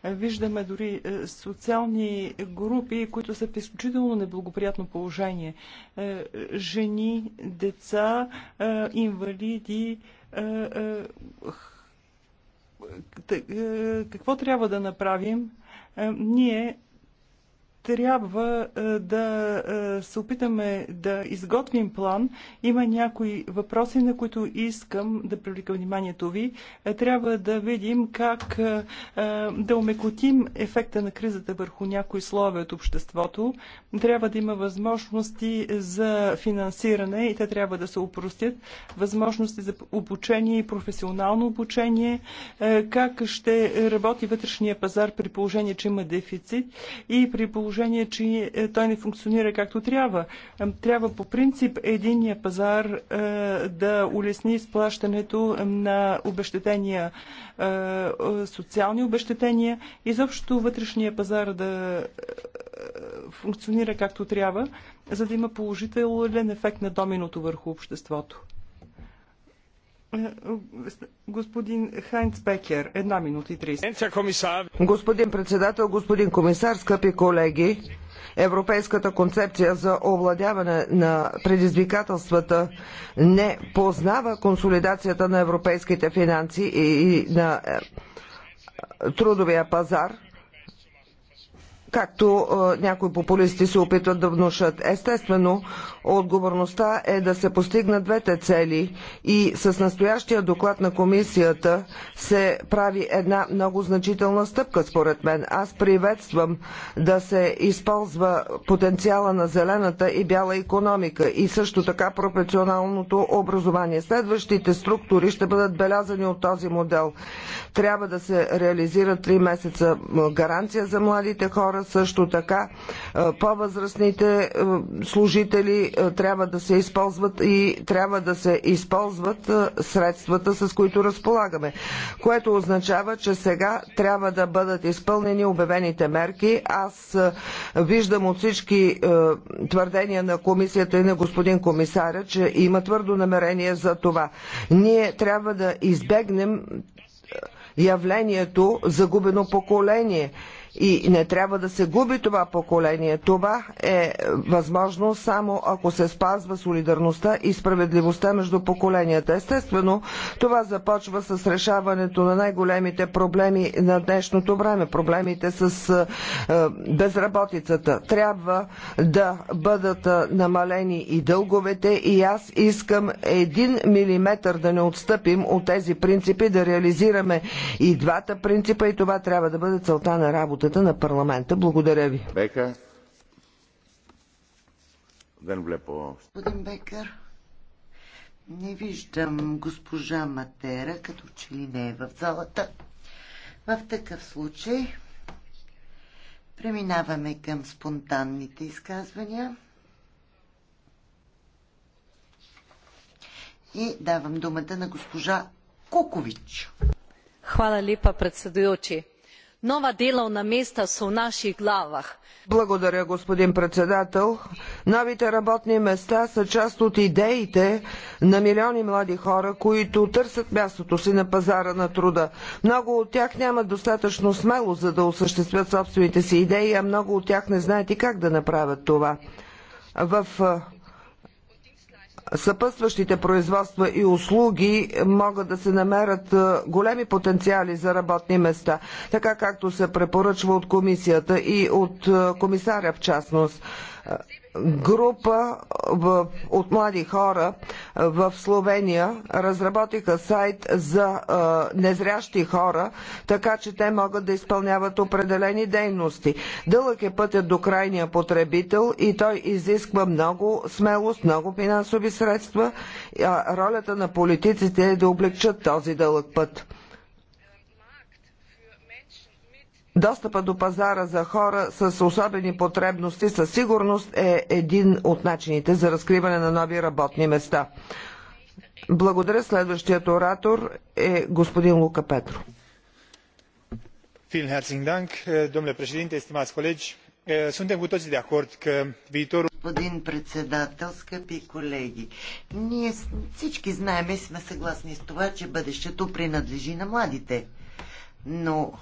Виждаме дори е, социални групи, които са в изключително неблагоприятно положение. Е, жени, деца, инвалиди, какво трябва да направим? Ние трябва е, да е, се опитаме да изготвим план. Има някои въпроси, на които искам да привлека вниманието ви. Е, трябва да видим как да омекотим ефекта на кризата върху някои слове от обществото. Трябва да има възможности за финансиране и те трябва да се упростят. Възможности за обучение и професионално обучение. Как ще работи вътрешния пазар при положение, че има дефицит и при положение, положение, че е, той не функционира както трябва. Е, трябва по принцип единния пазар е, да улесни сплащането на обещетения, социални обещетения, и заобщо вътрешния пазар да функционира както трябва, за да има положителен ефект на доминото върху обществото. Господин Хайнц Бекер, една минута и 30. Господин председател, господин комисар, скъпи колеги, Европейската концепция за овладяване на предизвикателствата не познава консолидацията на европейските финанси и на е, трудовия пазар както някои популисти се опитват да внушат. Естествено, отговорността е да се постигнат двете цели и с настоящия доклад на комисията се прави една много значителна стъпка, според мен. Аз приветствам да се използва потенциала на зелената и бяла економика и също така професионалното образование. Следващите структури ще бъдат белязани от този модел. Трябва да се реализират три месеца гаранция за младите хора, хора, също така е, по-възрастните е, служители е, трябва да се използват и трябва да се използват средствата, с които разполагаме. Което означава, че сега трябва да бъдат изпълнени обявените мерки. Аз виждам от всички твърдения на комисията и на господин комисаря, че има твърдо намерение за това. Ние трябва да избегнем явлението загубено поколение и не трябва да се губи това поколение. Това е възможно само ако се спазва солидарността и справедливостта между поколенията. Естествено, това започва с решаването на най-големите проблеми на днешното време, проблемите с е, е, безработицата. Трябва да бъдат е, намалени и дълговете и аз искам един милиметър да не отстъпим от тези принципи, да реализираме и двата принципа и това трябва да бъде целта на работа работата на парламента. Благодаря ви. Бека. Господин Бекър, не виждам госпожа Матера, като че ли не е в залата. В такъв случай преминаваме към спонтанните изказвания. И давам думата на госпожа Кукович. Хвала липа, председуючи Нова деловна места са в наших главах. Благодаря, господин председател. Новите работни места са част от идеите на милиони млади хора, които търсят мястото си на пазара на труда. Много от тях нямат достатъчно смело, за да осъществят собствените си идеи, а много от тях не знаят и как да направят това. В съпътстващите производства и услуги могат да се намерят е, големи потенциали за работни места, така както се препоръчва от комисията и от е, комисаря в частност. Е, група в, от млади хора в Словения разработиха сайт за а, незрящи хора, така че те могат да изпълняват определени дейности. Дълъг е пътят до крайния потребител и той изисква много смелост, много финансови средства. А, ролята на политиците е да облегчат този дълъг път. Достъпа до пазара за хора с особени потребности със сигурност е един от начините за разкриване на нови работни места. Благодаря. Следващият оратор е господин Лука Петро. Господин председател, скъпи колеги, ние всички знаем и сме съгласни с това, че бъдещето принадлежи на младите. Но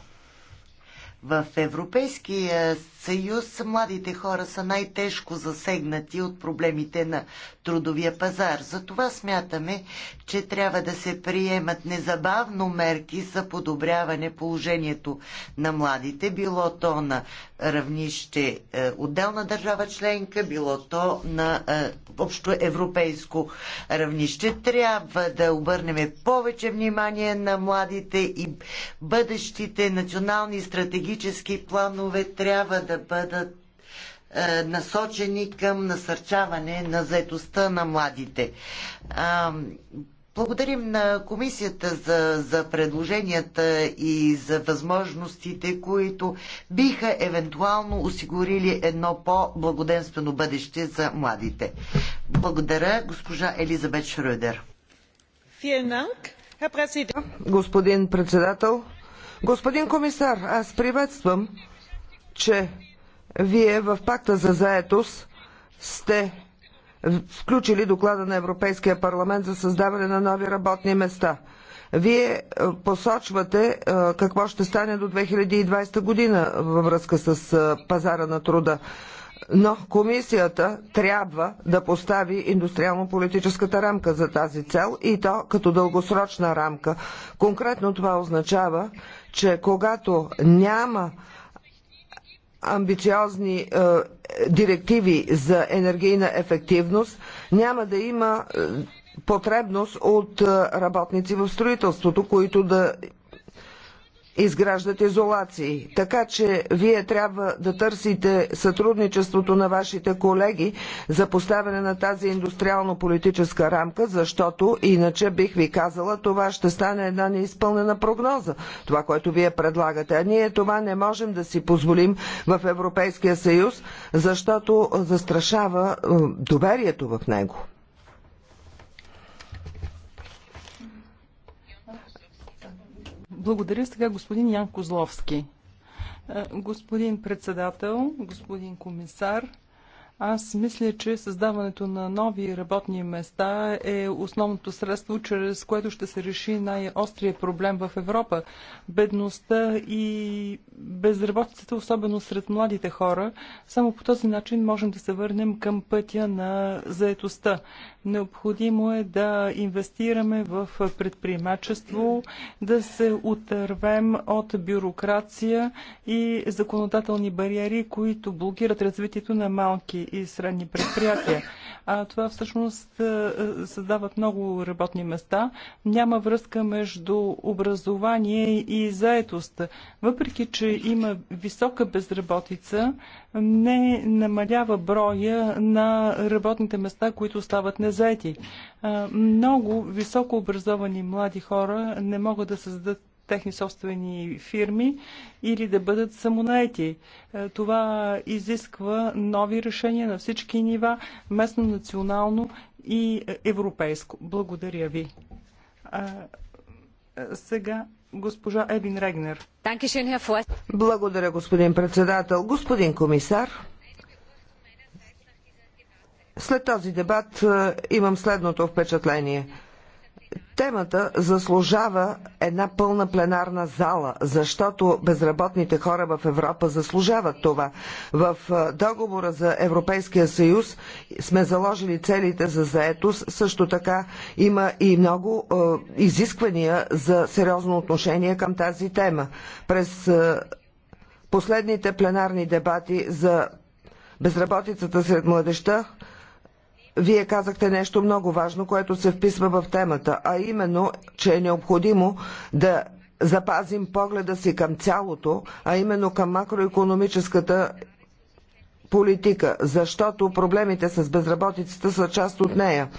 в Европейския съюз младите хора са най-тежко засегнати от проблемите на трудовия пазар. Затова смятаме, че трябва да се приемат незабавно мерки за подобряване положението на младите, било то на равнище е, отделна държава членка, било то на е, общо европейско равнище. Трябва да обърнем повече внимание на младите и бъдещите национални стратегии стратегически планове трябва да бъдат е, насочени към насърчаване на заедостта на младите. благодарим на комисията за, за предложенията и за възможностите, които биха евентуално осигурили едно по-благоденствено бъдеще за младите. Благодаря, госпожа Елизабет Шрюдер. Господин председател, Господин комисар, аз приветствам, че вие в пакта за заетост сте включили доклада на Европейския парламент за създаване на нови работни места. Вие е, посочвате е, какво ще стане до 2020 година във връзка с е, пазара на труда. Но комисията трябва да постави индустриално-политическата рамка за тази цел и то като дългосрочна рамка. Конкретно това означава, че когато няма амбициозни е, директиви за енергийна ефективност, няма да има е, потребност от е, работници в строителството, които да изграждат изолации. Така че вие трябва да търсите сътрудничеството на вашите колеги за поставяне на тази индустриално-политическа рамка, защото иначе бих ви казала, това ще стане една неизпълнена прогноза. Това, което вие предлагате. А ние това не можем да си позволим в Европейския съюз, защото застрашава е, доверието в него. Благодаря сега господин Ян Козловски. Е, господин председател, господин комисар, аз мисля, че създаването на нови работни места е основното средство, чрез което ще се реши най-острия проблем в Европа. Бедността и безработицата, особено сред младите хора. Само по този начин можем да се върнем към пътя на заетостта. Необходимо е да инвестираме в предприемачество, да се отървем от бюрокрация и законодателни бариери, които блокират развитието на малки и средни предприятия. А това всъщност е, създават много работни места. Няма връзка между образование и заетост. Въпреки, че има висока безработица, не намалява броя на работните места, които стават не заети. Много високо образовани млади хора не могат да създадат техни собствени фирми или да бъдат самонаети. Това изисква нови решения на всички нива, местно, национално и европейско. Благодаря ви. А, сега госпожа Евин Регнер. Благодаря, господин председател. Господин комисар. След този дебат е, имам следното впечатление. Темата заслужава една пълна пленарна зала, защото безработните хора в Европа заслужават това. В е, договора за Европейския съюз сме заложили целите за заетост. Също така има и много е, изисквания за сериозно отношение към тази тема. През е, последните пленарни дебати за безработицата сред младеща вие казахте нещо много важно, което се вписва в темата, а именно, че е необходимо да запазим погледа си към цялото, а именно към макроекономическата политика, защото проблемите с безработицата са част от нея.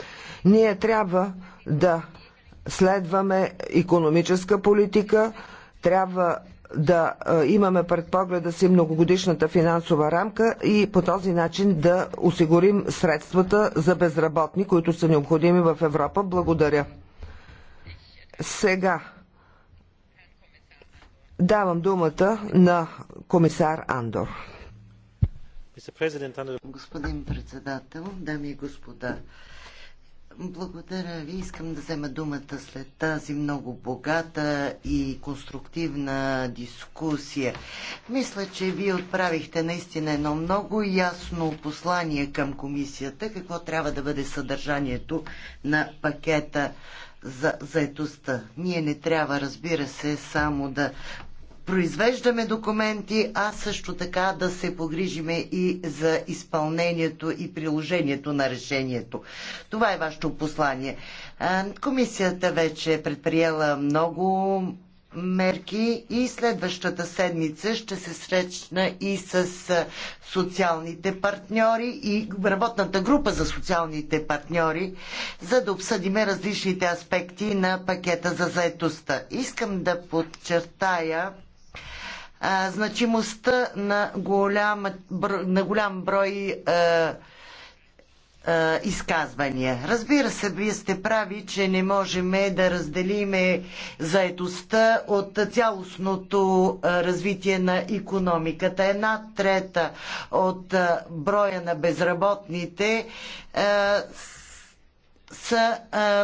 Ние трябва да следваме економическа политика, трябва да е, имаме пред погледа си многогодишната финансова рамка и по този начин да осигурим средствата за безработни, които са необходими в Европа. Благодаря. Сега давам думата на комисар Андор. Господин председател, дами и господа, благодаря ви. Искам да взема думата след тази много богата и конструктивна дискусия. Мисля, че вие отправихте наистина едно много ясно послание към комисията, какво трябва да бъде съдържанието на пакета за заетостта. Ние не трябва, разбира се, само да произвеждаме документи, а също така да се погрижиме и за изпълнението и приложението на решението. Това е вашето послание. Комисията вече е предприела много мерки и следващата седмица ще се срещна и с социалните партньори и работната група за социалните партньори, за да обсъдиме различните аспекти на пакета за заетостта. Искам да подчертая а, значимостта на голям, на голям брой а, а, изказвания. Разбира се, вие сте прави, че не можем да разделиме заедостта от цялостното развитие на економиката. Една трета от броя на безработните а, са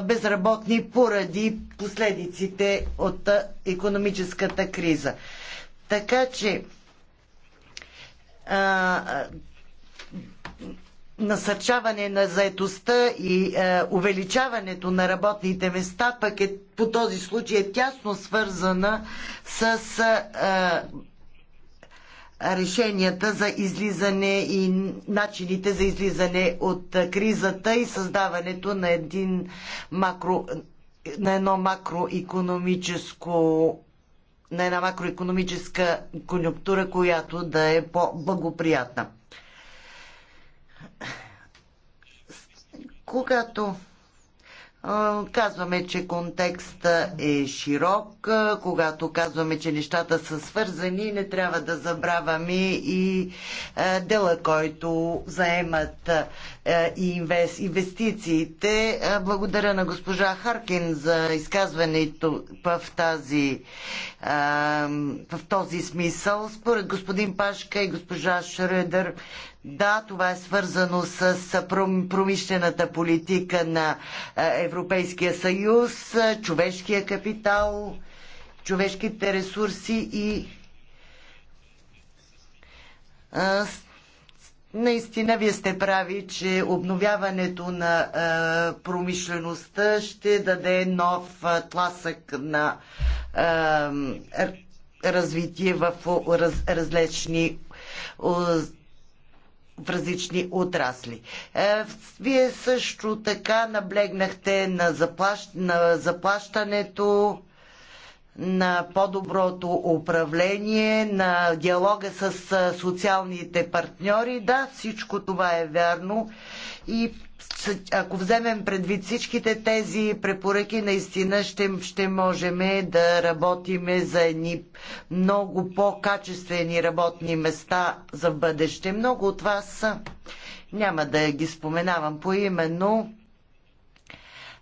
безработни поради последиците от економическата криза. Така че а, насърчаване на заетостта и а, увеличаването на работните места пък е по този случай е тясно свързана с а, решенията за излизане и начините за излизане от кризата и създаването на един макро на едно макроекономическо на една макроекономическа конюнктура, която да е по-благоприятна. Когато Казваме, че контекста е широк. Когато казваме, че нещата са свързани, не трябва да забравяме и дела, който заемат и инвестициите. Благодаря на госпожа Харкин за изказването в, тази, в този смисъл. Според господин Пашка и госпожа Шредер, да, това е свързано с промишлената политика на е, Европейския съюз, е, човешкия капитал, човешките ресурси и е, Наистина, вие сте прави, че обновяването на промишлеността ще даде нов тласък на развитие в различни в различни отрасли. Е, вие също така наблегнахте на, заплащ, на заплащането на по-доброто управление, на диалога с социалните партньори. Да, всичко това е вярно. И ако вземем предвид всичките тези препоръки, наистина ще, ще можем да работим за едни много по-качествени работни места за бъдеще. Много от вас няма да ги споменавам по но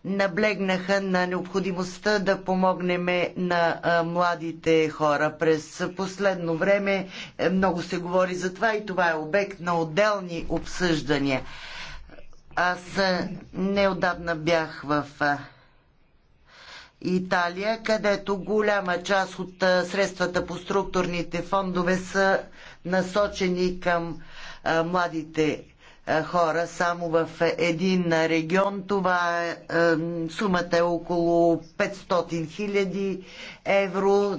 наблегнаха на необходимостта да помогнем на младите хора. През последно време е, много се говори за това и това е обект на отделни обсъждания. Аз неодавна бях в Италия, където голяма част от средствата по структурните фондове са насочени към младите е, хора само в един регион. Това е, е сумата е около 500 хиляди евро.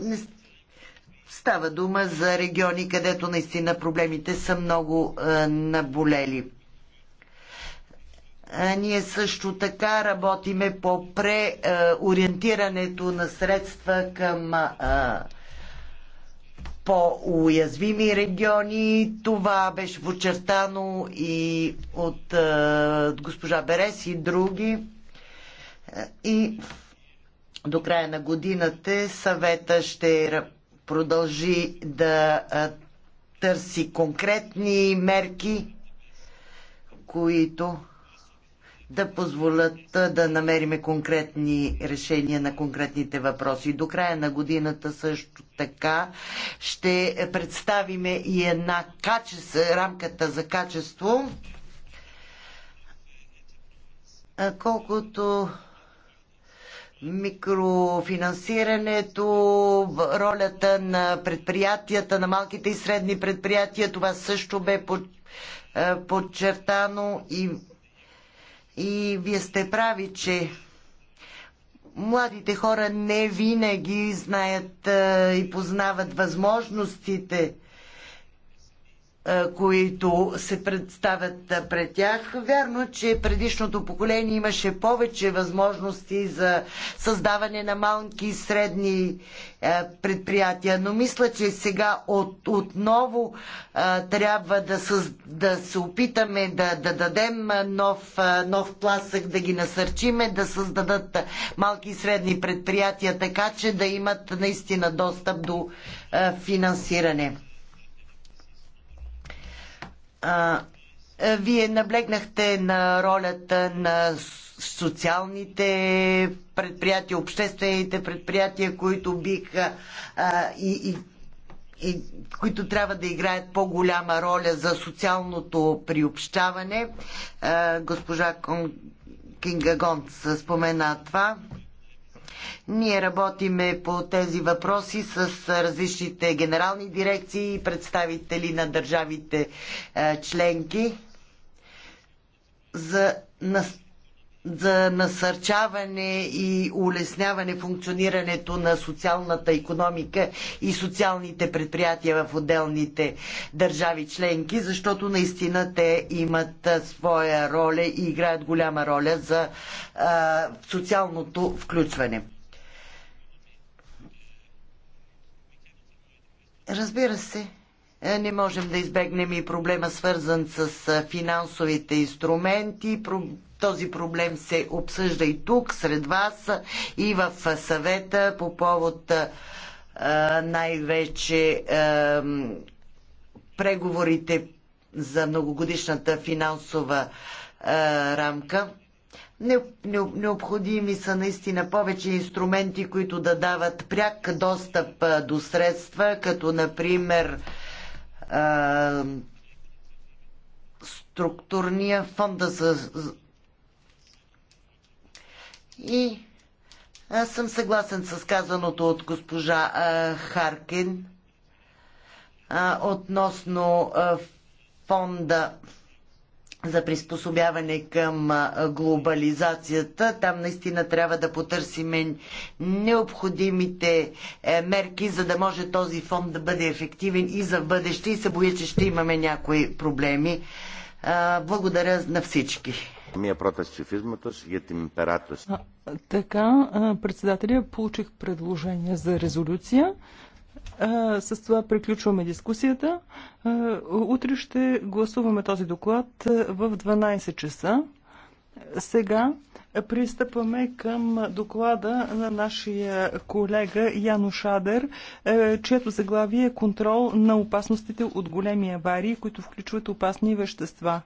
Става дума за региони, където наистина проблемите са много е, наболели. Ние също така работиме по преориентирането на средства към по-уязвими региони. Това беше подчертано и от е, госпожа Берес и други. Е, и до края на годината съвета ще продължи да е, търси конкретни мерки, които да позволят да намериме конкретни решения на конкретните въпроси. До края на годината също така ще представиме и една качество, рамката за качество. Колкото микрофинансирането, ролята на предприятията, на малките и средни предприятия. Това също бе подчертано и и вие сте прави, че младите хора не винаги знаят и познават възможностите които се представят пред тях. Вярно, че предишното поколение имаше повече възможности за създаване на малки и средни предприятия, но мисля, че сега от, отново трябва да, съз, да се опитаме да, да дадем нов, нов пласък, да ги насърчиме да създадат малки и средни предприятия, така че да имат наистина достъп до финансиране. А, е, вие наблегнахте на ролята на социалните предприятия, обществените предприятия, които биха а, и, и, и които трябва да играят по-голяма роля за социалното приобщаване. А, госпожа Кон... Кинга спомена това. Ние работиме по тези въпроси с различните генерални дирекции и представители на държавите членки за настоящето за насърчаване и улесняване функционирането на социалната економика и социалните предприятия в отделните държави членки, защото наистина те имат своя роля и играят голяма роля за а, социалното включване. Разбира се, не можем да избегнем и проблема свързан с финансовите инструменти, този проблем се обсъжда и тук, сред вас и в съвета по повод най-вече преговорите за многогодишната финансова рамка. Необходими са наистина повече инструменти, които да дават пряк достъп до средства, като например структурния фонда за и аз съм съгласен с казаното от госпожа а, Харкин а, относно а, фонда за приспособяване към глобализацията. Там наистина трябва да потърсим необходимите е, мерки, за да може този фонд да бъде ефективен и за бъдеще. И се боя, че ще имаме някои проблеми. Благодаря на всички. Мия протест чифизматос για την ператос. Така, председателя, получих предложение за резолюция. С това приключваме дискусията. Утре ще гласуваме този доклад в 12 часа. Сега пристъпваме към доклада на нашия колега Яно Шадер, е, чието заглавие е контрол на опасностите от големи аварии, които включват опасни вещества.